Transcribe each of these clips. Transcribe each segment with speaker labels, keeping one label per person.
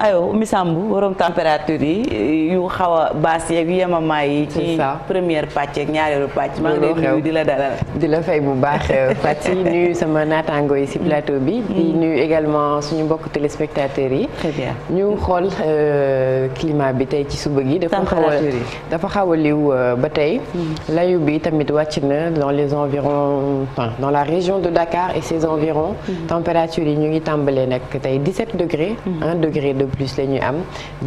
Speaker 1: ayo bu borom température yi yu xaw a baas yeeg yemamaay yi ci première pàcc ak ñaareelu pàcc maa ngi lay di la dalal di la fay bu baax euh, Faty nuyu sama naataango yi si plateau bi mm. di nuyu également suñu mbokk téléspectateurs yi ñu xool euh, climat bi tey ci suba gi dafa xaw a dafa xaw a liw euh, ba tey mm. layu bi tamit wàcc na dans les environs dans la région de Dakar et ses environs mm. température yi ñu ngi tàmbalee nag tey 17 degrés 1 degré de plus la ñuy am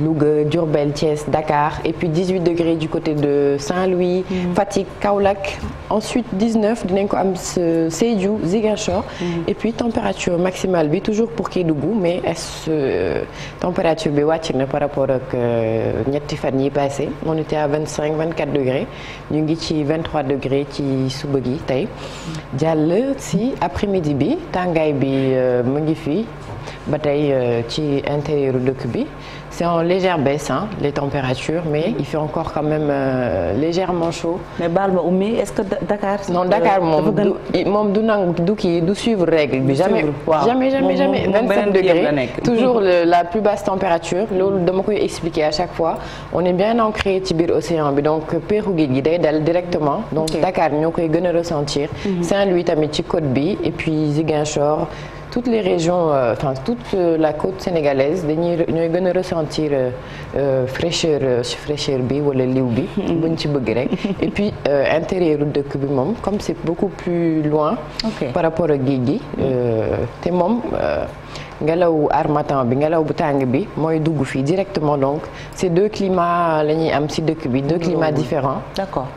Speaker 1: Louga Diourbel Thiès Dakar et puis 18 degrés du côté de Saint-Louis mmh. Fatick Kaolack ensuite 19 dinañ ko am Sédhiou Ziguinchor mm. et puis température maximale bi toujours pour Kédougou mais est-ce euh, température bi wàcc na par rapport ak euh, ñetti fan yi passé on était à 25 24 degrés ñu ngi ci 23 degrés ci suba yi tey mm. jàll si après-midi bi tàngaay bi euh, mu ngi fii ba tey euh, ci intérieur dëkk bi c'est en légère baisse hein, les températures mais mm -hmm. il fait encore quand même euh, légèrement chaud. mais baal que Dakar. non euh, Dakar moom du moom du nangu du kii du suivre règle bi. jamais waaw jamais jamais jamais 27 degrés toujours le, la plus basse température loolu dama koy expliquer à chaque fois on est bien ancré ci biir océan bi donc péexu géej gi day dal directement. donc Dakar ñoo koy gën a ressentir. Mhm. Saint-Louis tamit ci côte bi et puis Ziguinchor. toutes les régions euh, enfin toute euh, la côte sénégalaise dañuy ñooy gën a ressentir euh, fraîcheur fraîcheur bi wala liw bi. buñ ci bëgg rek et puis intérieur dëkk bi moom comme c'est beaucoup plus loin. Okay. par rapport ak géej gi te moom. ngelaw armatan bi ngelaw bu tàng bi mooy dugg fii directement donc ces deux climats la ñuy am ci dëkk bi deux climats différents d'accord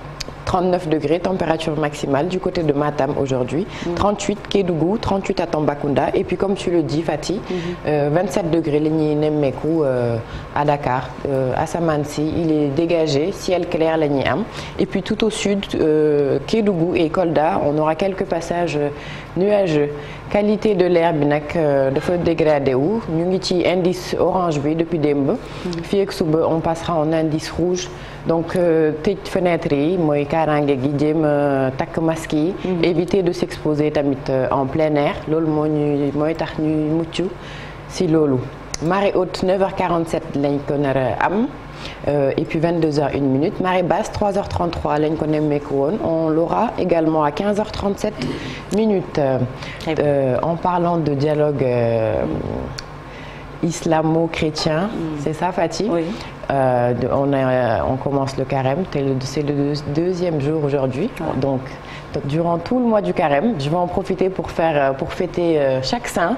Speaker 1: 39 degrés température maximale du côté de Matam aujourd'hui. Mmh. 38 Kédougou, 38 à Tambacounda et puis comme tu le dis Fati. Mmh. si il est dégagé la ñuy am et puis tout au sud euh, Kédougou et Kolda on aura quelques passages nuageux. qualité de l'air bi nag euh, dafa dégradé wu ñu ngi ci indice orange bi depuis démb. Mm-hmm. fii ak suba kaaraange gi jéem a euh, takk masque yi. Mhm. éviter de s'exposer tamit euh, en plein air loolu mooy tax ñuy mucc si loolu. marée haute 9 lañ ko nar am euh, et puis 22h1 minute marée basse 3h33 lañ ko nemmeeku woon on l'aura également à 15h37 minute. Euh, en de dialogue euh, islamo-chrétien. Mm. Euh, de, on, a, euh, on, commence le carême, c'est le deuxième jour aujourd'hui. Ouais. Donc, durant tout le mois du carême, je vais en profiter pour, faire, euh, pour fêter euh, chaque saint.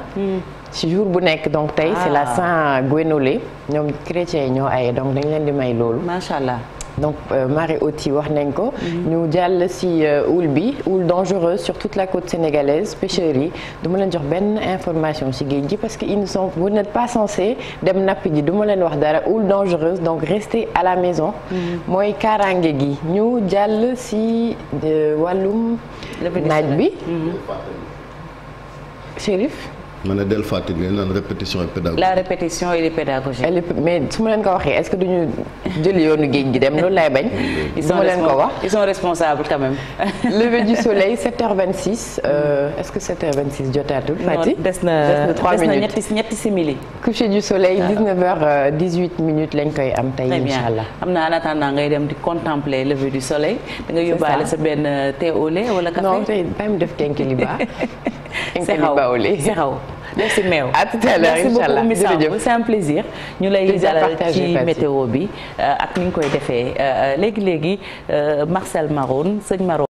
Speaker 1: ci hmm. jour bu nekk donc tey c'est la ah. saint Gwénolé ñoom chrétiens yi ñoo aye donc dañ leen di may loolu. Macha Allah. donc euh, marée haute yi wax nañ ko. ñu mhm. jàll si euh, houle bi houle dangereuse sur toute la côte sénégalaise pêcheurs yi duma leen jox benn information si géej gi parce que ils ne sont vous pas censés dem nappi ji duma leen wax dara houle dangereuse donc restez à la maison. Mhm. mooy kaaraange gi ñu jàll si euh, wàllum. naaj bi. Mhm. Chérif. ma ne del fàtte ngeen naan répétition et pédagogie. la répétition et les pédagogies. mais su ma leen ko waxee est-ce que duñu jël yoonu géej gi dem loolu lay bañ. ils sont leen ko wax ils sont responsables quand même. lever du soleil 7h26 euh, est-ce que 7h26 jotaatul. Fati des na 3 minutes des na ñetti ñetti simili. coucher du soleil 19h18 euh, minutes lañ koy am tey incha allah. am na en attendant ngay dem di contempler lever du soleil. da euh, au lait wala café. non tey bàyyi c'est raw def si meew. à tout à l'heure inchallah merci beaucoup Oumy Samb plaisir. ñu lay dalal ci météo bi euh, ak ni ñu koy defee euh, euh, léegi léegi Marcel Maroon sëñ Maroon.